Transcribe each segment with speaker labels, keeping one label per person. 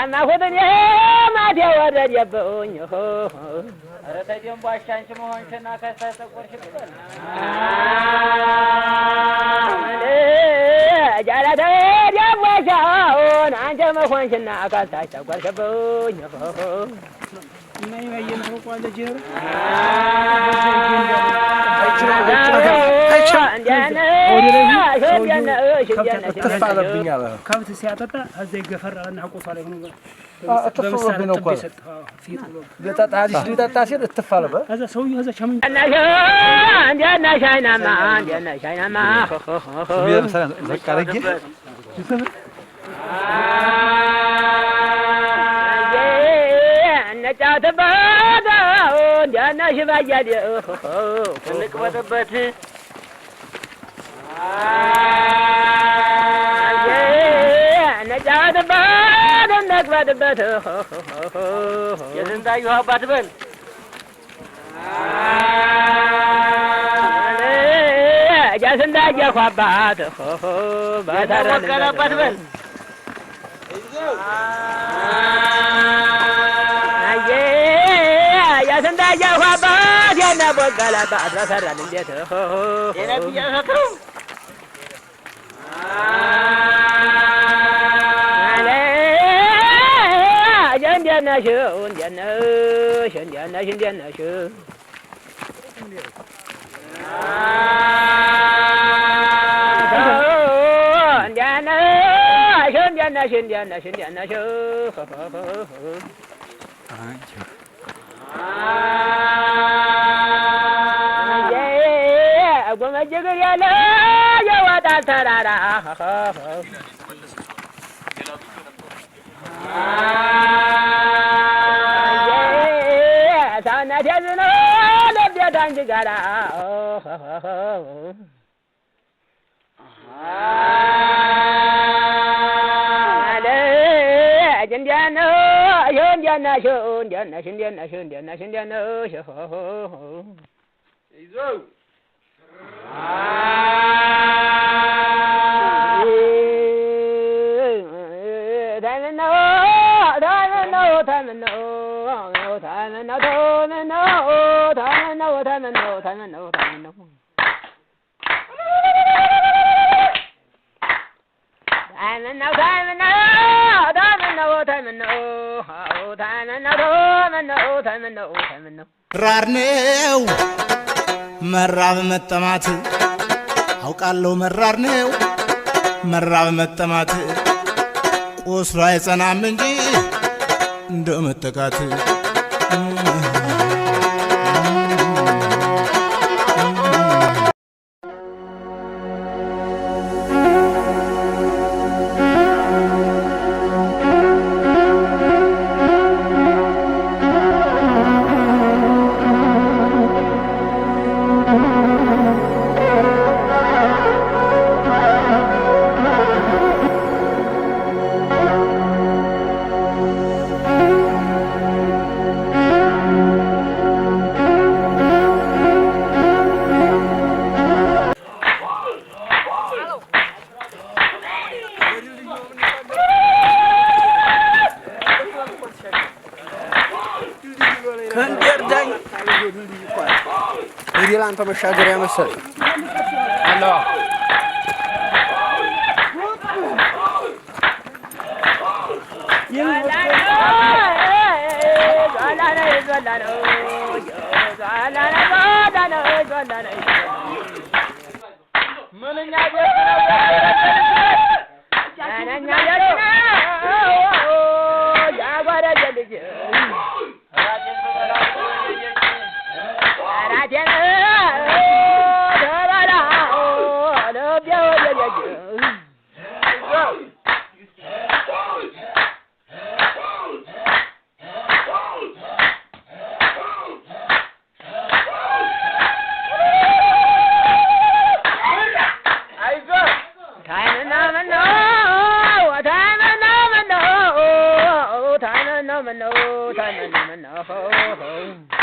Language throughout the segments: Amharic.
Speaker 1: ያናሁትን የማቴ ወረደብኝ። ኧረ ተይ ሆ
Speaker 2: ረተጀም አንቺ መሆንሽና ከስተጠቆርሽ ቅበል
Speaker 1: ጃለ ተይ ደምቧ እሺ፣ አሁን አንቺ መሆንሽና ከስተጠቆርሽ ብኝ ከብት
Speaker 3: ሲያጠጣ እዛ ይገፈር እና ቆሷ ላይ
Speaker 4: ሊጠጣ ሲል እትፍ አለበት።
Speaker 3: እዛ ሰውዬው እዛ
Speaker 1: እንዲያና ሻይናማ እንዲያና ሻይናማ እንጫወትበት እንዲያና ሽባ እያለ
Speaker 4: እንቅበጥበት አባት በል አባት በል
Speaker 1: ገለባ አድራ ሰራን። እንዴት እንዴት ነሽ? እንዴት ነሽ? እንዴት ነሽ? እንዴት ነሽ? ነሽ እንዴት ነሽ እንዴት ነሽ አንቺ ያለ የወጣል ተራራ ሰውነት የዝኖ ልብ የዳንጅ ጋራ እንዲያናሽ እንዲያናሽ እንዲያናሽ እንዲያናሽ እንዲያናሽ Diamond, no, diamond, no,
Speaker 5: ራር ነው መራብ መጠማት አውቃለሁ መራር ነው መራብ መጠማት ቁስሉ አይጸናም እንጂ እንደ መጠቃት
Speaker 4: መሻገሪያ መሰል አለ።
Speaker 1: ምንኛ No, domino, no.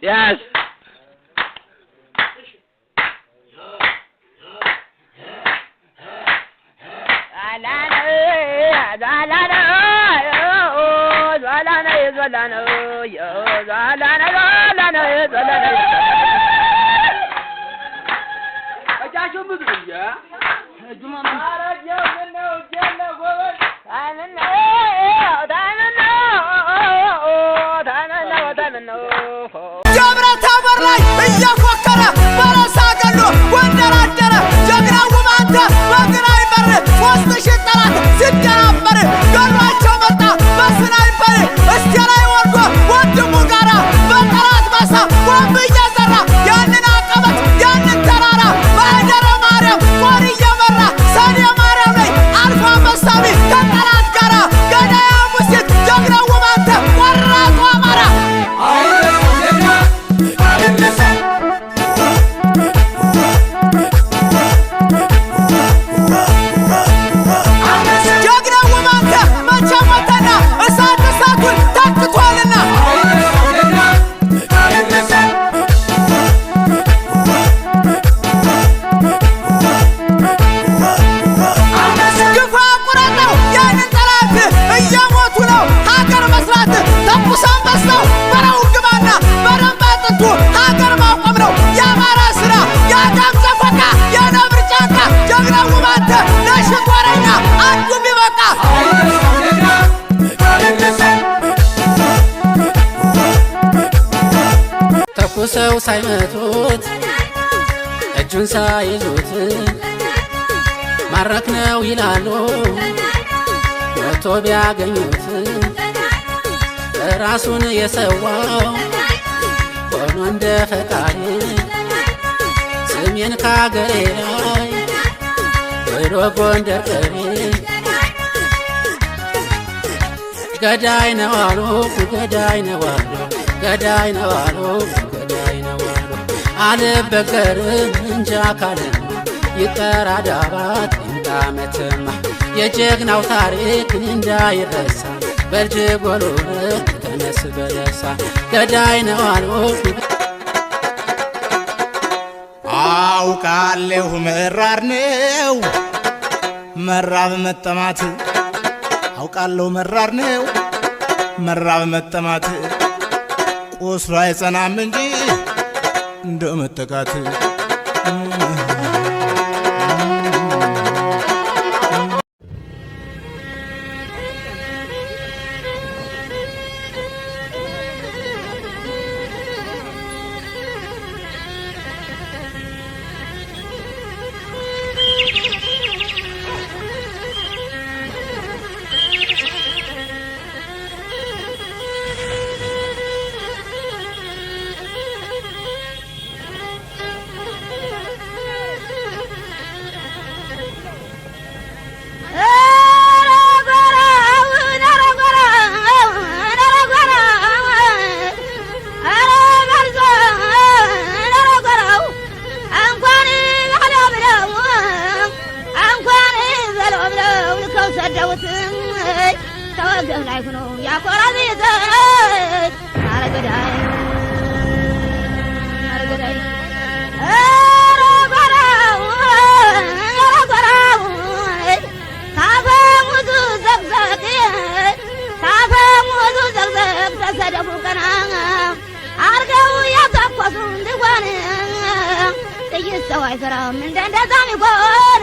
Speaker 4: Yes.
Speaker 6: በታበር ላይ እያፎከረ በረሳ ገሎ ወንደራደረ ጀግናው
Speaker 7: ሲመቱት እጁን ሳይዙት ማረክ ነው ይላሉ። ወጥቶ ቢያገኙት ራሱን የሰዋው ሆኖ እንደ ፈቃድ ስሜን ካገሬ ላይ ብሎ ጎንደር ቀሪ ገዳይ ነው አሉ ገዳይ ነው አሉ ገዳይ ነው አሉ አልበገርም እንጃ ካለም ይቀር አዳባት እንዳመትማ የጀግናው ታሪክ እንዳይረሳ በልጅ ጎሎ ተነስ በለሳ ገዳይ ነዋኖ
Speaker 5: አውቃለሁ መራር ነው መራብ መጠማት አውቃለሁ መራር ነው መራብ መጠማት ቁስሉ አይጸናም እንጂ እንደ መጠቃት
Speaker 8: ብለው ልከው ሰደቡት። ተወገብ ላይ ሆኖ ያኮራል ይዘት አረገዳይ አረገዳይ ሰው አይሰራም እንደ እንደዛም ይጎን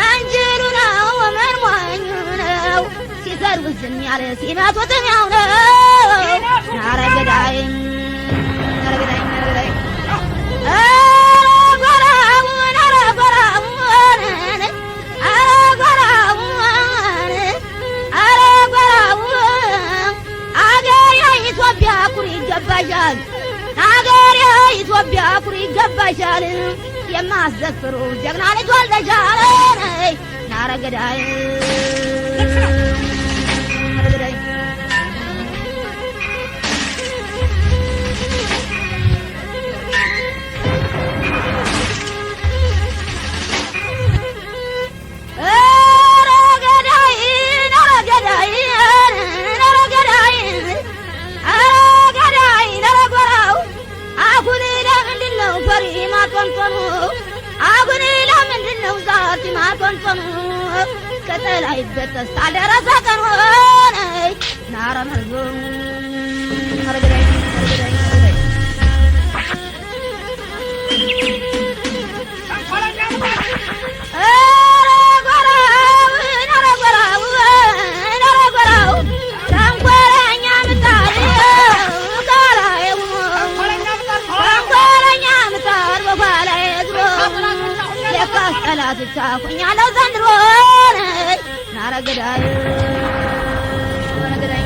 Speaker 8: መንጅኑ ነው ወመን ነው ሲዘርጉት ዝም ያለ ሲመቱት ያው ነው ኧረ ኢትዮጵያ ኩሪ ይገባሻል አገሬ ኢትዮጵያ ኩሪ ይገባሻል የማዘፍሩ ጀግና ልጅ ወልደጃለነ ናረገዳይ ላይ በተስ ታደረሰ ቀን ሆነ ናረም ህዝቡ አረገዳይ አረገዳይ لا تتعافوا على ذنب አረገዳይ አረገዳይ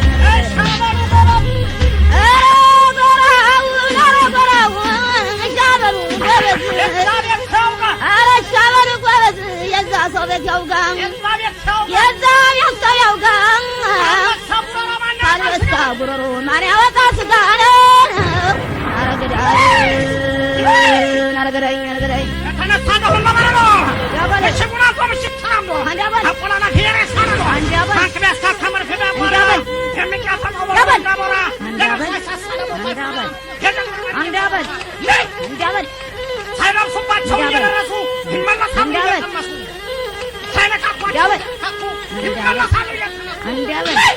Speaker 8: የዛ ሰው ቤት ያውጋ የዛ ቤት ሰው ያውጋ ካልበሳ ጉሮሮ ማን ያወጣ ስጋ አረገዳይ አረገዳይ
Speaker 4: ተነሳ ደሆን ለማለት ነው ያበለ ሽሙና ቆምሽ ተናምሮ አንዳበለ አቆላላ ሳይደርሱባቸው እየደረሱ ይመለሳሉ እየቀመሱ ሳይነካኳቸው ይመለሳሉ እየቀመሱ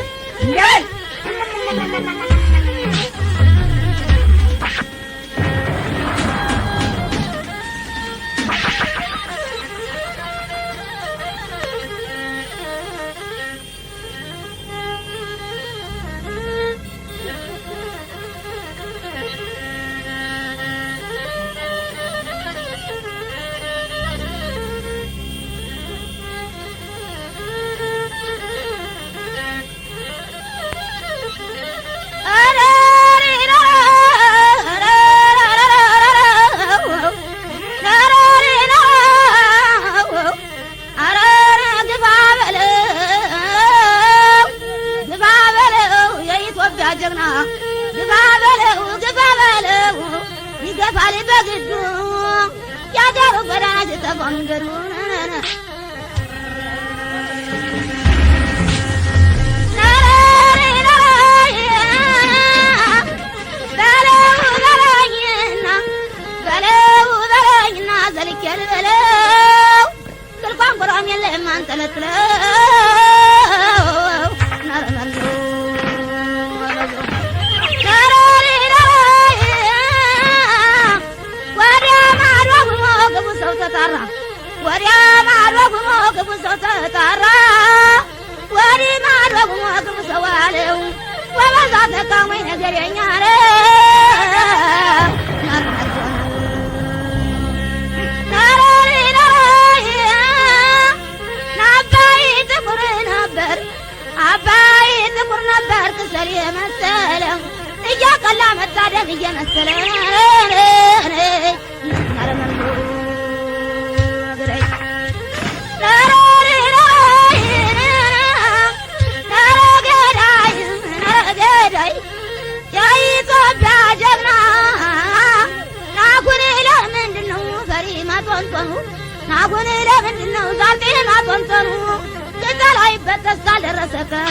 Speaker 8: ጀግና ግባ በለው ግባ በለው ይገፋል በግዱ ያደሩ ጎዳና ተቆንገዱ ቁራም የለም አንጠለጥለው ተጣራ ወዲያ ማዶ ጉሞ ክፉ ሰው ተጣራ ወዲህ ማዶ ጉሞ ክፉ ሰው አለው ወበዛ ተቃሞኝ ነገረኛ አለ አባይ ጥቁር ነበር ክሰል የመሰለው እያቀላ መታደም እየመሰለ I'm